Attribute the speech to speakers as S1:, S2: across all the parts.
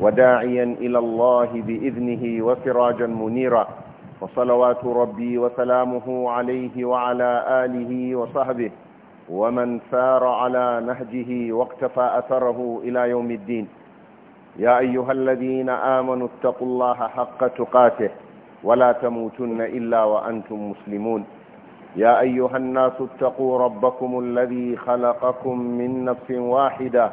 S1: وداعيا إلى الله بإذنه وسراجا منيرا وصلوات ربي وسلامه عليه وعلى آله وصحبه ومن سار على نهجه واقتفى أثره إلى يوم الدين يا أيها الذين آمنوا اتقوا الله حق تقاته ولا تموتن إلا وأنتم مسلمون يا أيها الناس اتقوا ربكم الذي خلقكم من نفس واحدة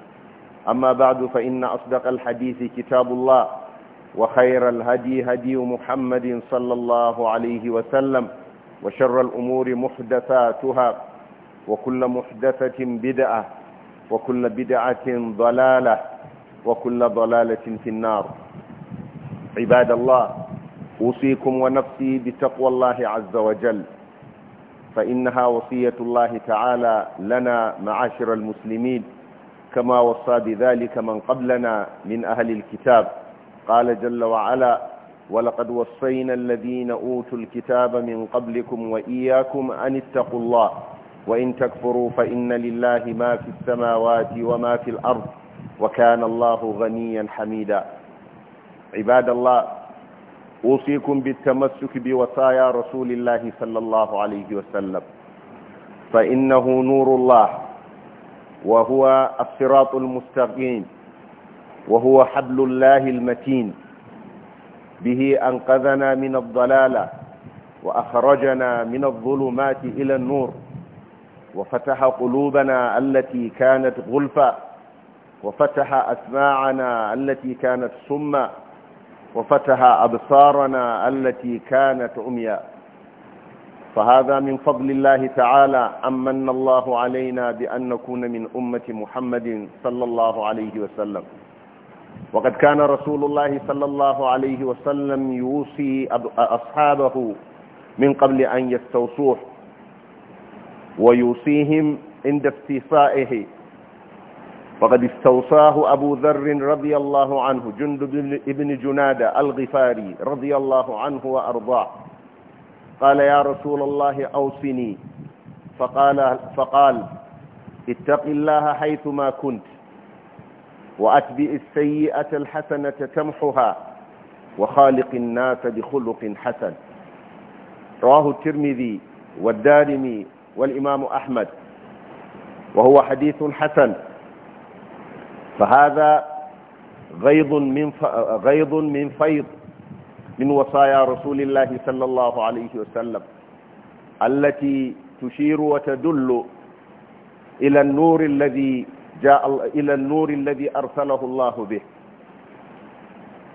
S1: أما بعد فإن أصدق الحديث كتاب الله وخير الهدي هدي محمد صلى الله عليه وسلم وشر الأمور محدثاتها وكل محدثة بدعة وكل بدعة ضلالة وكل ضلالة في النار عباد الله أوصيكم ونفسي بتقوى الله عز وجل فإنها وصية الله تعالى لنا معاشر المسلمين كما وصى بذلك من قبلنا من أهل الكتاب قال جل وعلا ولقد وصينا الذين أوتوا الكتاب من قبلكم وإياكم أن اتقوا الله وإن تكفروا فإن لله ما في السماوات وما في الأرض وكان الله غنيا حميدا عباد الله أوصيكم بالتمسك بوصايا رسول الله صلى الله عليه وسلم فإنه نور الله وهو الصراط المستقيم وهو حبل الله المتين به أنقذنا من الضلالة وأخرجنا من الظلمات إلى النور وفتح قلوبنا التي كانت غلفا وفتح أسماعنا التي كانت سما وفتح أبصارنا التي كانت عميا فهذا من فضل الله تعالى أمن الله علينا بأن نكون من أمة محمد صلى الله عليه وسلم وقد كان رسول الله صلى الله عليه وسلم يوصي أصحابه من قبل أن يستوصوه ويوصيهم عند افتيصائه وقد استوصاه أبو ذر رضي الله عنه جند بن جنادة الغفاري رضي الله عنه وأرضاه قال يا رسول الله أوصني فقال, فقال اتق الله حيثما كنت وأتبع السيئة الحسنة تمحها وخالق الناس بخلق حسن رواه الترمذي والدارمي والإمام أحمد وهو حديث حسن فهذا غيض من غيض من فيض من وصايا رسول الله صلى الله عليه وسلم التي تشير وتدل إلى النور الذي جاء إلى النور الذي أرسله الله به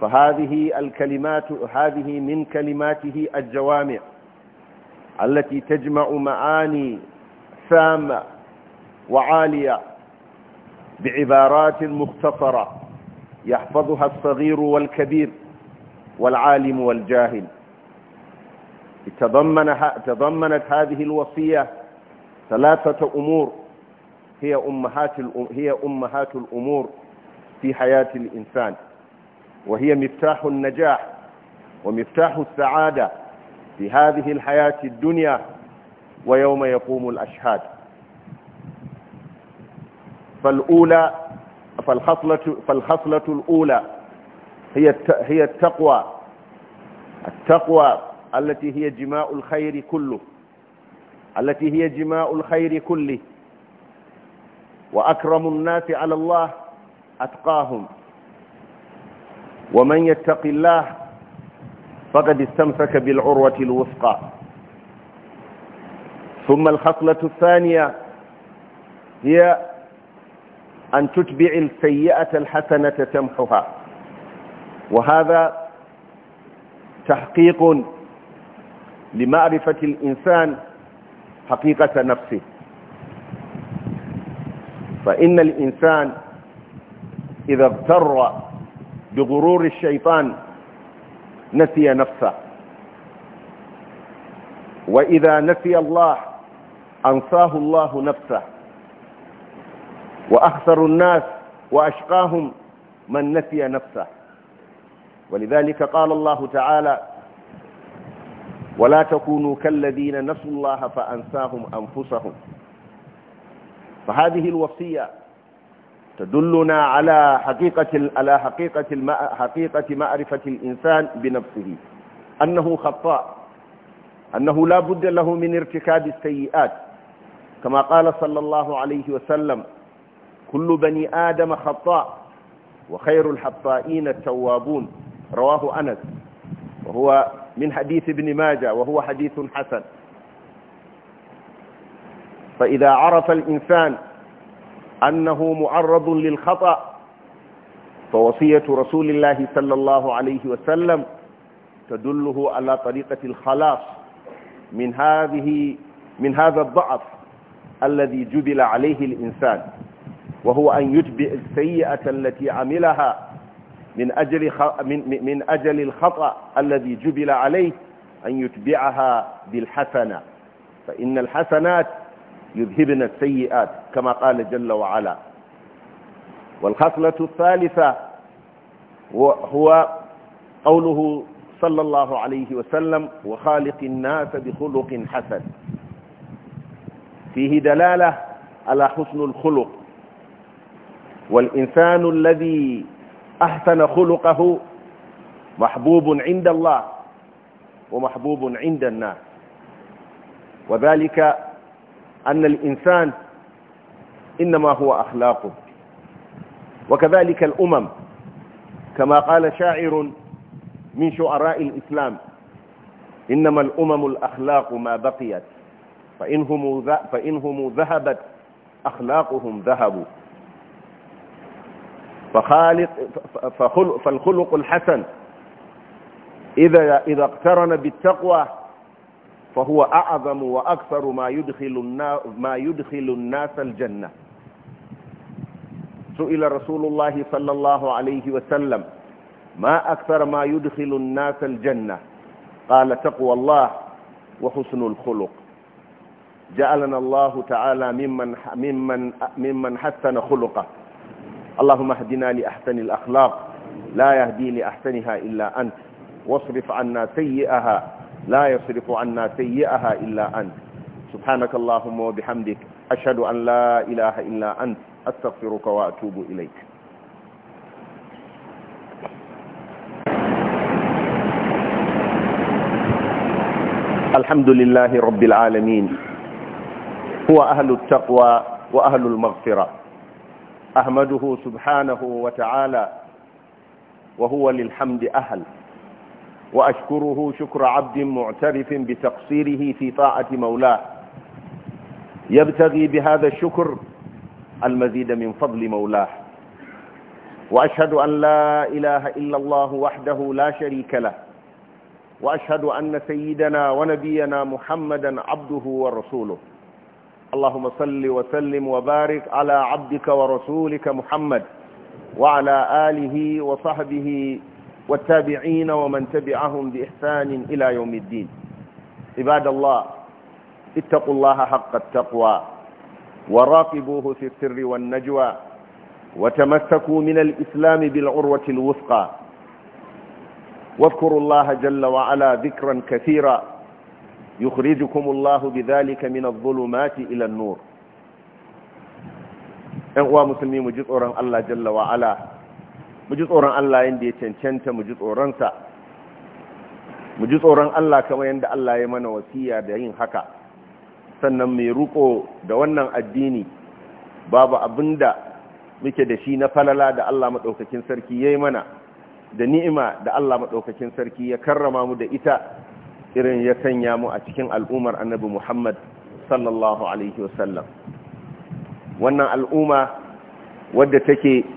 S1: فهذه الكلمات هذه من كلماته الجوامع التي تجمع معاني سامة وعالية بعبارات مختصرة يحفظها الصغير والكبير والعالم والجاهل تضمنها تضمنت هذه الوصية ثلاثة أمور هي أمهات هي أمهات الأمور في حياة الإنسان وهي مفتاح النجاح ومفتاح السعادة في هذه الحياة الدنيا ويوم يقوم الأشهاد فالأولى فالخصلة, فالخصلة الأولى هي هي التقوى التقوى التي هي جماء الخير كله التي هي جماء الخير كله وأكرم الناس على الله أتقاهم ومن يتق الله فقد استمسك بالعروة الوثقى ثم الخصلة الثانية هي أن تتبع السيئة الحسنة تمحها وهذا تحقيق لمعرفة الإنسان حقيقة نفسه فإن الإنسان إذا اغتر بغرور الشيطان نسي نفسه وإذا نسي الله أنساه الله نفسه وأخسر الناس وأشقاهم من نسي نفسه ولذلك قال الله تعالى ولا تكونوا كالذين نسوا الله فأنساهم أنفسهم فهذه الوصية تدلنا على حقيقة على حقيقة حقيقة معرفة الإنسان بنفسه أنه خطاء أنه لا بد له من ارتكاب السيئات كما قال صلى الله عليه وسلم كل بني آدم خطاء وخير الحطائين التوابون رواه أنس وهو من حديث ابن ماجة وهو حديث حسن فإذا عرف الإنسان أنه معرض للخطأ فوصية رسول الله صلى الله عليه وسلم تدله على طريقة الخلاص من هذه من هذا الضعف الذي جبل عليه الإنسان وهو أن يتبع السيئة التي عملها من أجل, من, من أجل الخطأ الذي جبل عليه أن يتبعها بالحسنة فإن الحسنات يذهبن السيئات كما قال جل وعلا والخصلة الثالثة هو قوله صلى الله عليه وسلم وخالق الناس بخلق حسن فيه دلالة على حسن الخلق والإنسان الذي أحسن خلقه محبوب عند الله ومحبوب عند الناس وذلك أن الإنسان إنما هو أخلاقه وكذلك الأمم كما قال شاعر من شعراء الإسلام إنما الأمم الأخلاق ما بقيت فإنهم, فإنهم ذهبت أخلاقهم ذهبوا فخالق فالخلق الحسن إذا, إذا اقترن بالتقوى فهو أعظم وأكثر ما يدخل, ما يدخل الناس الجنة سئل رسول الله صلى الله عليه وسلم ما أكثر ما يدخل الناس الجنة قال تقوى الله وحسن الخلق جعلنا الله تعالى ممن, ممن, ممن حسن خلقه اللهم اهدنا لأحسن الأخلاق لا يهدي لأحسنها إلا أنت واصرف عنا سيئها لا يصرف عنا سيئها إلا أنت سبحانك اللهم وبحمدك أشهد أن لا إله إلا أنت أستغفرك وأتوب إليك الحمد لله رب العالمين هو أهل التقوى وأهل المغفرة أحمده سبحانه وتعالى وهو للحمد أهل وأشكره شكر عبد معترف بتقصيره في طاعة مولاه يبتغي بهذا الشكر المزيد من فضل مولاه وأشهد أن لا إله إلا الله وحده لا شريك له وأشهد أن سيدنا ونبينا محمدا عبده ورسوله اللهم صل وسلم وبارك على عبدك ورسولك محمد وعلى آله وصحبه والتابعين ومن تبعهم بإحسان إلى يوم الدين عباد الله اتقوا الله حق التقوى وراقبوه في السر والنجوى وتمسكوا من الإسلام بالعروة الوثقى واذكروا الله جل وعلا ذكرا كثيرا yukhrijukum Allahu bidhalika min adh-dhulumati ila an-nur ɗan uwa musulmi mu ji tsoron Allah jalla wa mu ji tsoron Allah yanda ya cancanta mu ji tsoron sa mu ji tsoron Allah kamar yanda Allah ya mana wasiya da yin haka sannan mai ruko da wannan addini babu abinda muke da shi na falala da Allah madaukakin sarki yayi mana da ni'ima da Allah madaukakin sarki ya karrama mu da ita irin ya sanya mu a cikin al'umar annabi Muhammad sallallahu alaihi wasallam wannan al'umma wadda take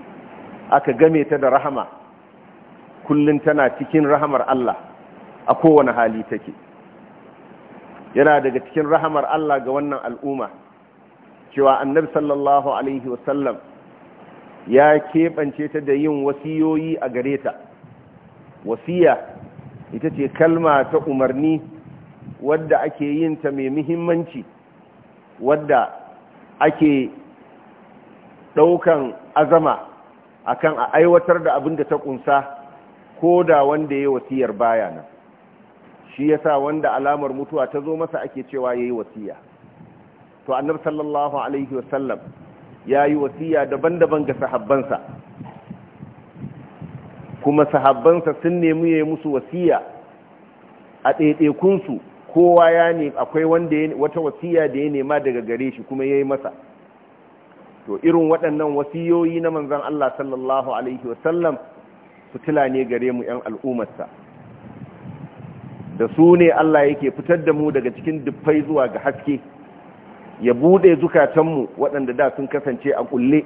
S1: aka game ta da rahama kullum tana cikin rahamar Allah a kowane hali take yana daga cikin rahamar Allah ga wannan al'umma cewa annabi sallallahu alaihi wasallam ya keɓance ta da yin wasiyoyi a gare ta wasiya ita ce kalma ta umarni wadda ake yin ta mai muhimmanci wadda ake daukan azama akan a aiwatar da abin da ta kunsa ko da wanda ya yi wasiyar baya nan shi ya sa wanda alamar mutuwa ta zo masa ake cewa ya yi wasiya to annabi sallallahu alaihi wasallam ya yi wasiya daban-daban ga sahabbansa kuma sahabbansa sun nemi ya yi musu wasiya a ɗaiɗaikunsu kowa ya ne akwai wata wasiya da ya nema daga gare shi kuma ya yi masa to irin waɗannan wasiyoyi na manzan Allah sallallahu Alaihi wasallam fitila ne gare mu 'yan al'ummarsa da su ne Allah yake fitar da mu daga cikin duffai zuwa ga haske ya buɗe zukatanmu waɗanda da sun kasance a ƙulle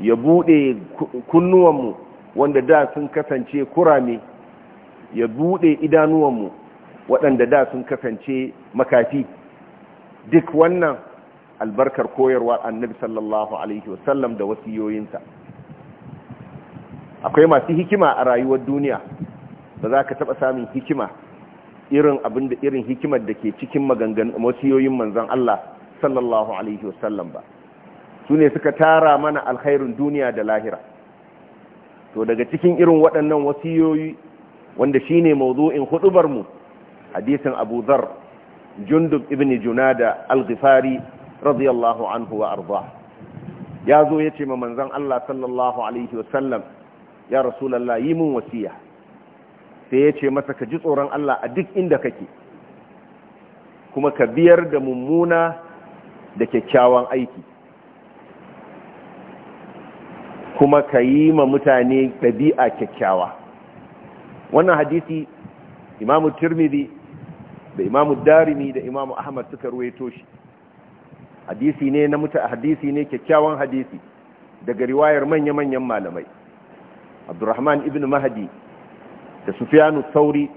S1: ya buɗe kunnuwanmu wanda da sun kasance kurame ya buɗe idanuwanmu waɗanda da sun kasance makafi duk wannan albarkar koyarwa annabi sallallahu alaihi wasallam da wasiyoyinsa akwai masu hikima a rayuwar duniya ba za ka taɓa samun hikima irin abin da irin hikimar da ke cikin maganganun wasiyoyin manzan Allah sallallahu alaihi wasallam ba su ne suka tara mana alkhairun duniya da lahira to daga cikin irin waɗannan wasiyoyi wanda shine ne hudubar mu hadisin Abu Dharr Jundub ibn Junada al-Ghifari radiyallahu anhu wa ya zo yace ma manzon Allah sallallahu alaihi wasallam ya rasulullah yi mun wasiya sai yace masa ka ji tsoron Allah a duk inda kake kuma ka biyar da mummuna da kyakkyawan aiki kuma ka yi ma mutane ɗabi'a kyakkyawa wannan hadisi imamu tirmidhi da imamu darimi da imamu ahmad suka ruwaito shi hadisi ne na muta hadisi ne kyakkyawan hadisi daga riwayar manya-manyan malamai abdurrahman ibn mahadi da sufyanu sauri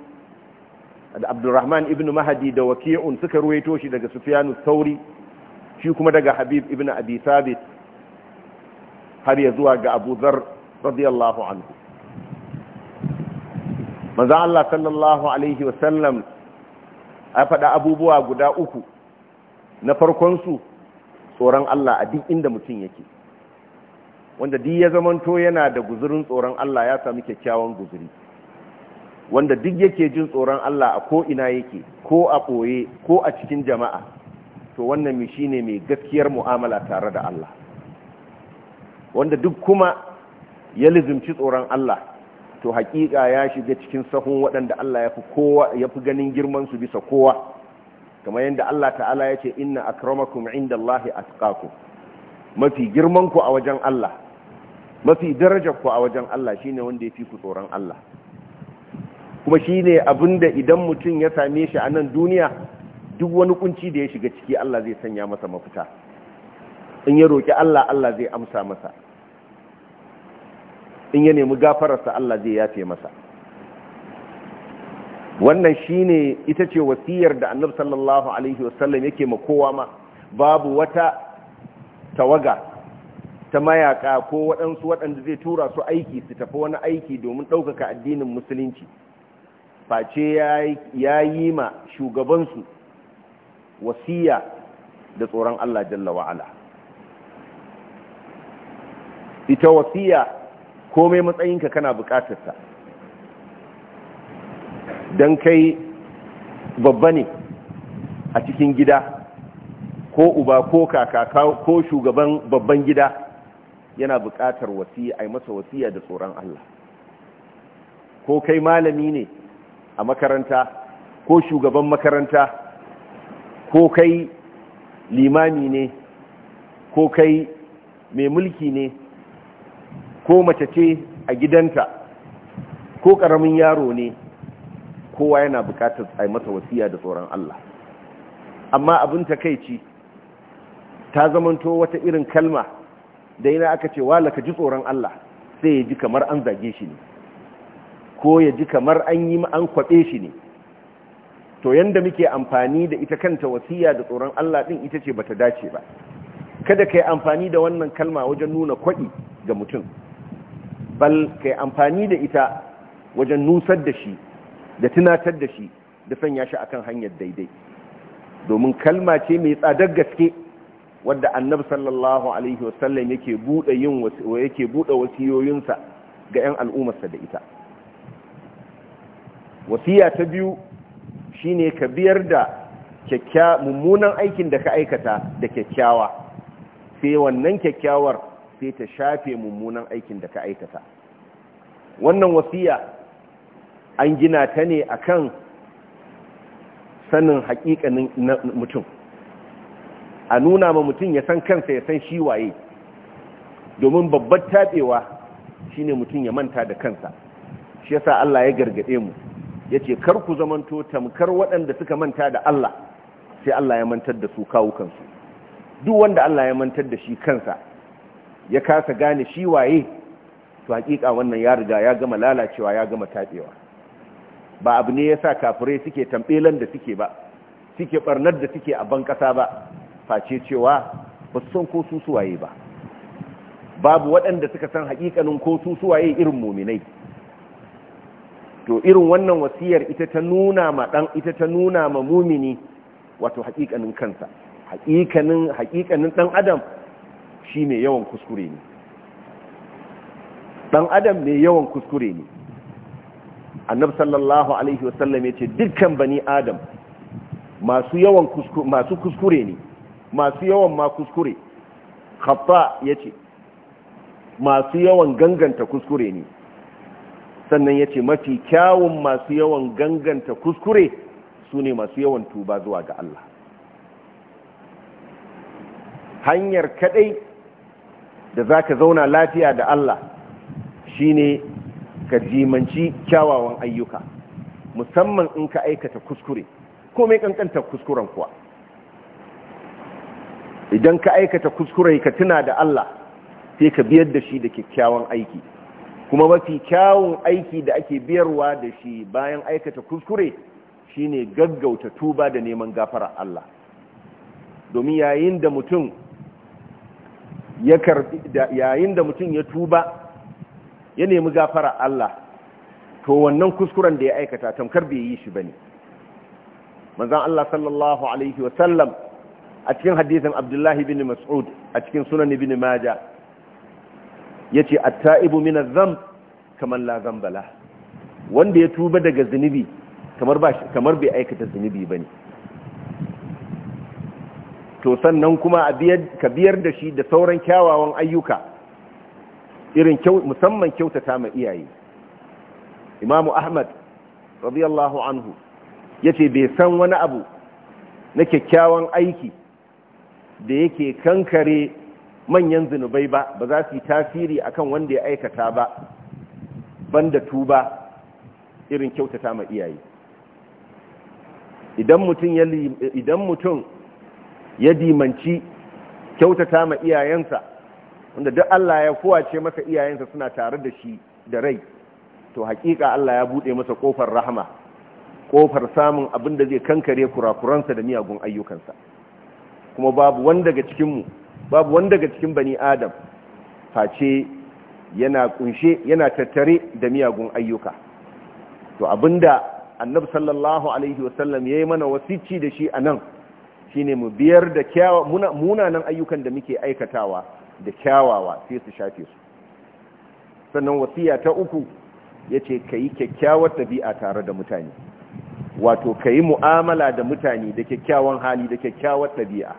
S1: da abdurrahman ibn mahadi da wakiyun suka ruwaito shi daga sufyanu sauri shi kuma daga habib ibn abi sabit har ya zuwa ga Abu zar radiyallahu anhu manzo Allah sallallahu alaihi wasallam ya faɗa abubuwa guda uku na farkon su tsoron Allah a duk inda mutum yake wanda duk ya zamanto yana da guzurin tsoron Allah ya sami kyakkyawan guzuri wanda duk yake jin tsoron Allah a ko'ina yake ko a ɓoye ko a cikin jama'a to wannan mai shi ne mai gaskiyar mu'amala tare da Allah wanda duk kuma ya lizimci tsoron Allah to haƙiƙa ya shiga cikin sahun waɗanda Allah ya fi kowa ya fi ganin girman su bisa kowa kamar yadda Allah ta'ala ya ce inna akramakum indallahi atqakum mafi girman ku a wajen Allah mafi darajar ku a wajen Allah shine wanda ya fi ku tsoron Allah kuma shine abinda idan mutum ya same shi a nan duniya duk wani kunci da ya shiga ciki Allah zai sanya masa mafita in ya roƙi Allah Allah zai amsa masa in ya nemi gafararsa Allah zai yafe masa wannan shine ita ce wasiyar da annabi sallallahu alaihi wasallam yake ma kowa ma babu wata tawaga ta mayaka ko waɗansu waɗanda zai tura su aiki su tafi wani aiki domin ɗaukaka addinin musulunci face ya yi ma shugabansu wasiya da tsoron Allah jalla wa'ala ita wasiya komai matsayinka kana bukatarsa don kai babba ne a cikin gida ko uba ko kaka ko shugaban babban gida yana bukatar wasiya a masa wasiya da tsoron Allah ko kai malami ne a makaranta ko shugaban makaranta ko kai limami ne ko kai mai mulki ne ko mace ce a gidanta ko karamin yaro ne kowa yana bukatar a masa wasiya da tsoron Allah amma abin takaici ta zamanto wata irin kalma da yana aka ce wala ka ji tsoron Allah sai ya ji kamar an zage shi ne ko ya ji kamar an yi an kwaɓe shi ne to yadda muke amfani da ita kanta wasiya da tsoron Allah din ita ce bata dace ba kada ka yi amfani da wannan kalma wajen nuna kwaɗi ga mutum bal kai amfani da ita wajen nusar da shi da tunatar da shi da sanya shi akan hanyar daidai domin kalma ce mai tsadar gaske wadda annabi sallallahu alaihi wasallam yake bude yin yake bude wasiyoyinsa ga 'yan al'ummarsa da ita wasiya ta biyu shine ka biyar da mummunan aikin da ka aikata da kyakkyawa sai wannan kyakkyawar sai ta shafe mummunan aikin da ka aikata wannan wasiya an gina ta ne akan sanin hakikanin mutum a nuna ma mutum ya san kansa ya san shi waye domin babbar taɓewa shine mutum ya manta da kansa shi yasa Allah ya gargade mu yace kar ku zamanto tamkar waɗanda suka manta da Allah sai Allah ya mantar da su kawukansu duk wanda Allah ya mantar da shi kansa ya kasa gane shi waye to hakika wannan ya riga ya gama lalacewa ya gama tabewa ba abu ne yasa kafure suke tambelan da suke ba suke barnar da suke a ban kasa ba face cewa ba su san ko su waye ba babu waɗanda suka san hakikanin ko su waye irin muminai to irin wannan wasiyar ita ta nuna ma dan ita ta nuna ma mumini wato hakikanin kansa hakikanin hakikanin dan adam shi mai yawan kuskure ne dan adam mai yawan kuskure ne annab sallallahu alaihi wasallam ya ce dukkan bani adam masu yawan masu kuskure ne masu yawan ma kuskure khata ya ce masu yawan ganganta kuskure ne sannan ya ce mafi kyawun masu yawan ganganta kuskure su ne masu yawan tuba zuwa ga Allah hanyar kadai da za ka zauna lafiya da Allah shine ka jimanci kyawawan ayyuka musamman in ka aikata kuskure ko mai kankanta kuskuren kuwa idan ka aikata kuskure ka tuna da Allah sai ka biyar da shi da kyakkyawan aiki kuma mafi kyawun aiki da ake biyarwa da shi bayan aikata kuskure shine gaggauta tuba da neman gafara Allah domin yayin da mutum ya karbi yayin da mutum ya tuba ya nemi gafara Allah to wannan kuskuren da ya aikata tamkar bai yi shi bane manzon Allah sallallahu alaihi wa sallam a cikin hadisin Abdullahi bin Mas'ud a cikin sunan Ibn Majah yace at-ta'ibu min adh-dhanb kaman la dhanba wanda ya tuba daga zunubi kamar kamar bai aikata zunubi bane to sannan kuma ka biyar da shi da sauran kyawawan ayyuka irin musamman kyautata ma iyaye imamu ahmad radiyallahu anhu ya ce bai san wani abu na kyakkyawan aiki da yake kankare manyan zunubai ba ba za su yi tasiri akan wanda ya aikata ba banda tuba irin kyautata ma iyaye idan mutum ya dimanci kyautata ma iyayensa wanda duk Allah ya kowace masa iyayensa suna tare da shi da rai to hakika Allah ya bude masa kofar rahama kofar samun abin da zai kankare kurakuransa da miyagun ayyukansa kuma babu wanda daga cikin mu babu wanda daga cikin bani adam face yana kunshe yana tattare da miyagun ayyuka to abinda annabi sallallahu alaihi wasallam yayi mana wasici da shi anan shine mu biyar da kyawa munanan ayyukan da muke aikatawa da kyawawa sai su shafe su sannan wasiya ta uku yace kai kyakkyawar tabi'a tare da mutane wato kai mu'amala da mutane da kyakkyawan hali da kyakkyawar tabi'a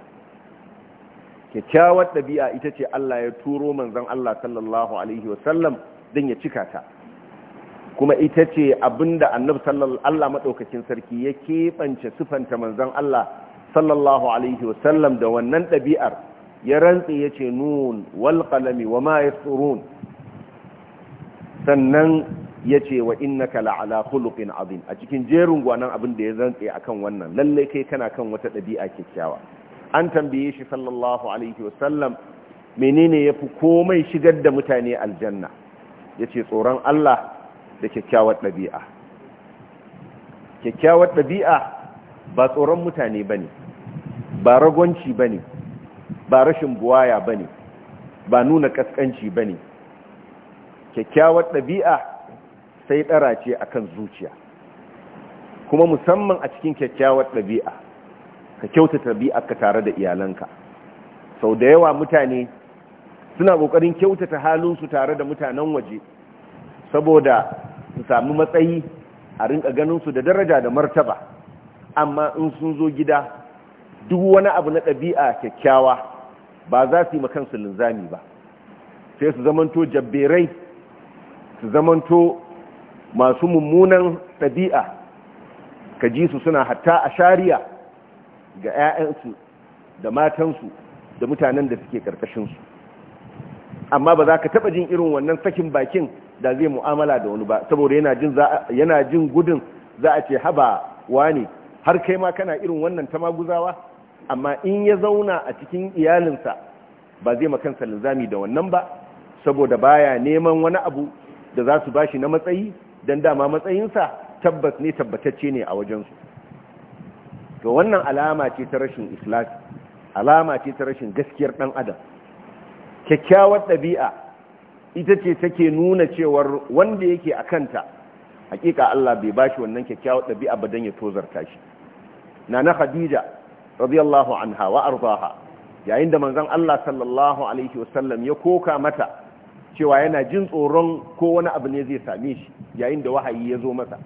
S1: kyakkyawar tabi'a ita ce Allah ya turo manzon Allah sallallahu alaihi wasallam dan ya cika ta kuma ita ce abinda annabi sallallahu Allah madaukakin sarki ya keɓance sifanta manzon Allah sallallahu alaihi wasallam da wannan ɗabi'ar ya rantsi ya ce nun walƙalami wa ma ya sannan ya ce wa innaka ala khuluqin azim a cikin jerin gwanan abin da ya rantse akan wannan lallai kai kana kan wata ɗabi'a kyakkyawa an tambaye shi sallallahu alaihi wasallam menene yafi komai shigar da mutane aljanna yace tsoron Allah da kyakkyawar ɗabi'a kyakkyawar ɗabi'a ba tsoron mutane ba ne ba ragonci ba ne ba rashin buwaya ba ne ba nuna ƙasƙanci ba ne kyakkyawar ɗabi'a sai ɗara ce a kan zuciya kuma musamman a cikin kyakkyawar ɗabi'a ka kyautata ka tare da iyalanka sau da yawa mutane suna ƙoƙarin kyautata halinsu tare da mutanen waje saboda su sami matsayi a rinka ganinsu da daraja da martaba amma in sun zo gida duk wani abu na ɗabi'a kyakkyawa ba za su yi makansu linzami ba sai su zamanto jabberai su zamanto masu mummunan ɗabi'a ka ji su suna hatta a shari'a ga 'ya'yansu da matansu da mutanen da suke ƙarƙashinsu amma ba za ka taɓa jin irin wannan sakin bakin da zai mu'amala da wani ba saboda yana jin gudun za a ce haba wa ne. har kai ma kana irin wannan ta maguzawa amma in ya zauna a cikin iyalinsa ba zai makansa linzami da wannan ba saboda baya neman wani abu da za su bashi na matsayi don dama matsayinsa tabbas ne tabbatacce ne a wajensu to wannan alama ce ta rashin islasi alama ce ta rashin gaskiyar ɗan adam kyakkyawar ɗabi'a ita ce take nuna cewar wanda yake a kanta hakika Allah bai bashi wannan kyakkyawar ɗabi'a ba don ya tozarta shi na na khadija radiyallahu anha wa arzaha yayin da manzon Allah sallallahu alaihi wasallam ya koka mata cewa yana jin tsoron ko wani abu ne zai same shi yayin da wahayi ya zo masa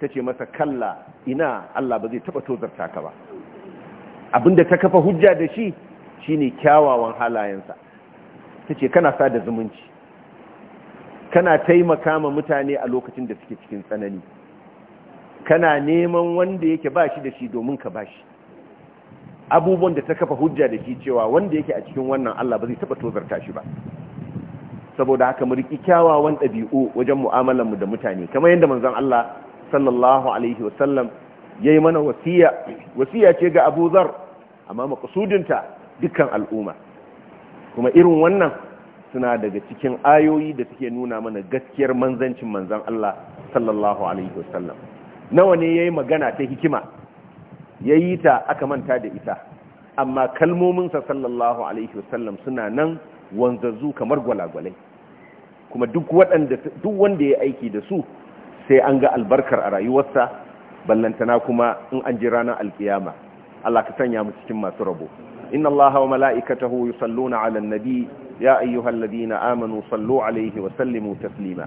S1: tace masa kalla ina Allah ba zai taba tozarta ka ba abinda ta kafa hujja da shi shine kyawawan halayensa tace kana sa da zumunci kana taimaka ma mutane a lokacin da suke cikin tsanani kana neman wanda yake ba shi da shi domin ka ba shi abubuwan da ta kafa hujja da shi cewa wanda yake a cikin wannan Allah ba zai taɓa tozarta shi ba saboda haka mu riki kyawawan ɗabi'u wajen mu'amalarmu da mutane kamar yadda manzon Allah sallallahu alaihi wasallam ya yi mana wasiya wasiya ce ga Abu Zar amma maqsudinta dukkan al'umma kuma irin wannan suna daga cikin ayoyi da suke nuna mana gaskiyar manzancin manzon Allah sallallahu alaihi wasallam nawa ne ya yi magana ta hikima yayi ta aka manta da ita amma kalmominsa sallallahu alaihi wasallam suna nan wanzazzu kamar gwalagwalai kuma duk wanda ya aiki da su sai an ga albarkar a rayuwarsa ballantana kuma in an ji ranar alkiyama Allah ka sanya mu cikin masu rabo inna allaha wa mala'ikatahu yusalluna 'alan nabi ladina amanu sallu alaihi wa عليه وسلموا تسليما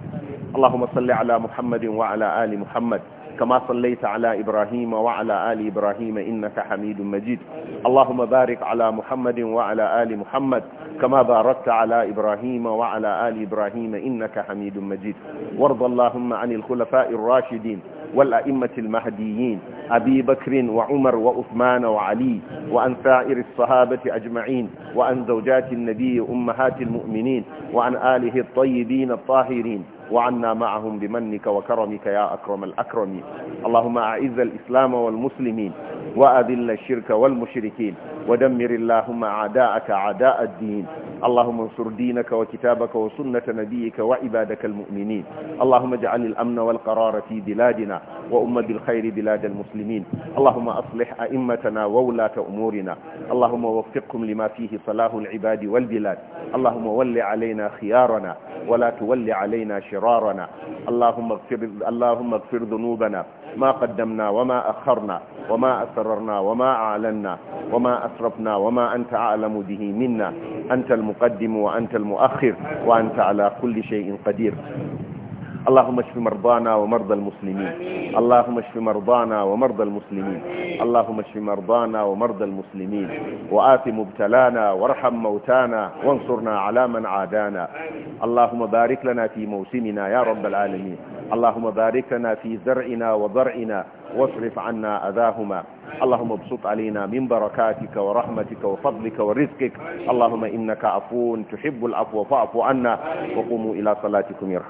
S1: اللهم صل على محمد وعلى ali muhammad. كما صليت على إبراهيم وعلى آل إبراهيم إنك حميد مجيد اللهم بارك على محمد وعلى آل محمد كما باركت على إبراهيم وعلى آل إبراهيم إنك حميد مجيد وارض اللهم عن الخلفاء الراشدين والأئمة المهديين أبي بكر وعمر وعثمان وعلي وأن سائر الصحابة أجمعين وأن زوجات النبي أمهات المؤمنين وعن آله الطيبين الطاهرين وعنا معهم بمنك وكرمك يا أكرم الأكرمين اللهم أعز الإسلام والمسلمين وأذل الشرك والمشركين ودمر اللهم أعداءك أعداء الدين اللهم انصر دينك وكتابك وسنة نبيك وعبادك المؤمنين اللهم اجعل الأمن والقرار في بلادنا وأمة الخير بلاد المسلمين اللهم أصلح أئمتنا وولاة أمورنا اللهم وفقهم لما فيه صلاح العباد والبلاد اللهم ول علينا خيارنا ولا تول علينا شرارنا اللهم اغفر, اللهم اغفر ذنوبنا ما قدمنا وما أخرنا وما أسررنا وما أعلنا وما أسررنا أسرفنا وما أنت أعلم به منا أنت المقدم وأنت المؤخر وأنت على كل شيء قدير اللهم اشف مرضانا ومرضى المسلمين اللهم اشف مرضانا ومرضى المسلمين اللهم اشف مرضانا ومرضى المسلمين وآت مبتلانا وارحم موتانا وانصرنا على من عادانا اللهم بارك لنا في موسمنا يا رب العالمين اللهم بارك لنا في زرعنا وضرعنا واصرف عنا أذاهما اللهم ابسط علينا من بركاتك ورحمتك وفضلك ورزقك اللهم إنك عفو تحب العفو فاعف عنا وقوموا إلى صلاتكم يرحم